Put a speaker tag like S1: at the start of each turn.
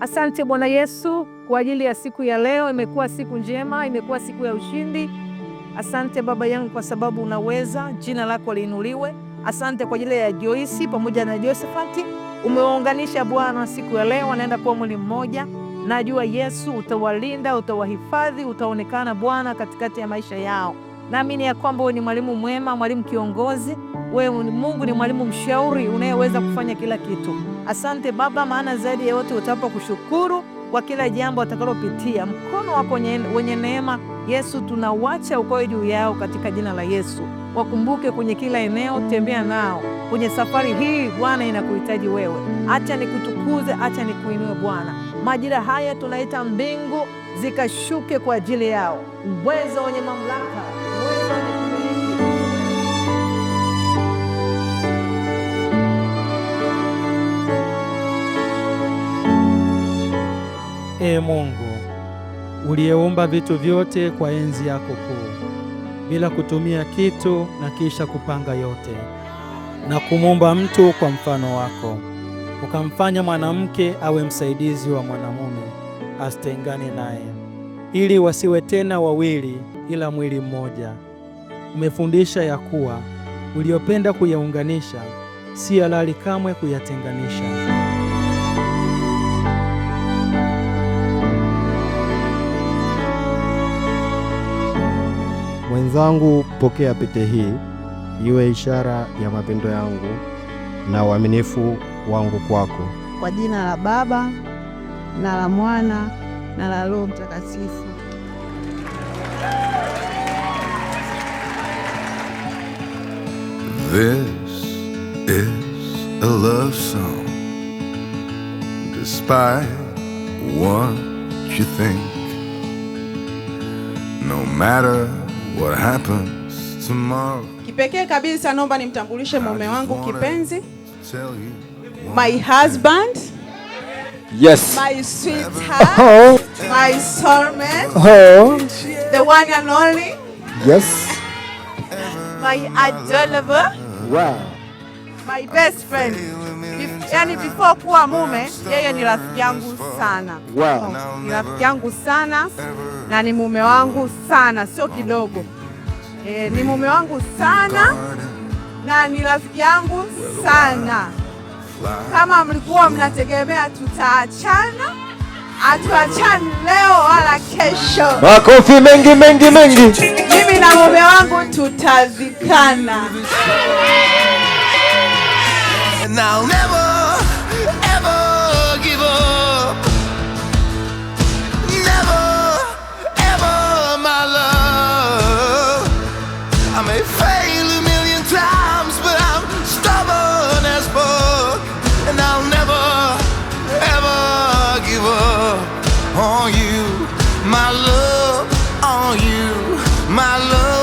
S1: Asante Bwana Yesu kwa ajili ya siku ya leo. Imekuwa siku njema, imekuwa siku ya ushindi. Asante Baba yangu kwa sababu unaweza, jina lako liinuliwe. Asante kwa ajili ya joisi pamoja na Josefati, umewaunganisha Bwana siku ya leo, wanaenda kuwa mwili mmoja. Najua Yesu utawalinda, utawahifadhi, utaonekana Bwana katikati ya maisha yao. Naamini ya kwamba wewe ni mwalimu mwema, mwalimu kiongozi wewe Mungu ni mwalimu mshauri unayeweza kufanya kila kitu. Asante Baba, maana zaidi ya yote utapa kushukuru kwa kila jambo watakalopitia mkono wako wenye neema. Yesu, tunawacha ukoe juu yao katika jina la Yesu. Wakumbuke kwenye kila eneo, tembea nao kwenye safari hii. Bwana, inakuhitaji wewe. Acha nikutukuze, acha nikuinue Bwana. Majira haya tunaita mbingu zikashuke kwa ajili yao, uwezo wenye mamlaka
S2: Ee Mungu, uliyeumba vitu vyote kwa enzi yako kuu, bila kutumia kitu na kisha kupanga yote, na kumuumba mtu kwa mfano wako, ukamfanya mwanamke awe msaidizi wa mwanamume, asitengane naye, ili wasiwe tena wawili, ila mwili mmoja. Umefundisha ya kuwa uliopenda kuyaunganisha, si halali kamwe kuyatenganisha.
S3: Mwenzangu, pokea pete hii iwe ishara ya mapendo yangu na uaminifu wangu kwako.
S4: Kwa jina la Baba na la Mwana na la Roho Mtakatifu. This is a love song
S5: despite what you think no matter What happens tomorrow. Kipekee kabisa naomba nimtambulishe mume wangu kipenzi. My husband. Yes. My sweetheart. Oh. My soulmate.
S6: Oh.
S5: The one and only. Yes. My adorable. Wow. My best friend yani before kuwa mume, yeye ni rafiki yangu sana
S6: wow. No,
S5: ni rafiki yangu sana na ni mume wangu sana, sio kidogo e, ni mume wangu sana na ni rafiki yangu sana. Kama mlikuwa mnategemea tutaachana, hatuachani leo wala kesho.
S6: Makofi mengi mengi mengi.
S5: Mimi na mume wangu tutazikana. you, my love on you, my love.